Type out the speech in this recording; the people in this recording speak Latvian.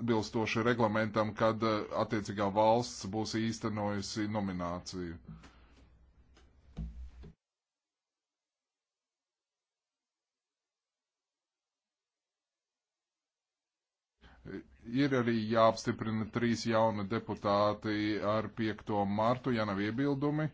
atbilstoši reglamentam, kad eh, attiecīgā valsts būs īstenojusi nomināciju. Ir arī jāapstiprina trīs jauni deputāti ar 5. martu, ja nav iebildumi.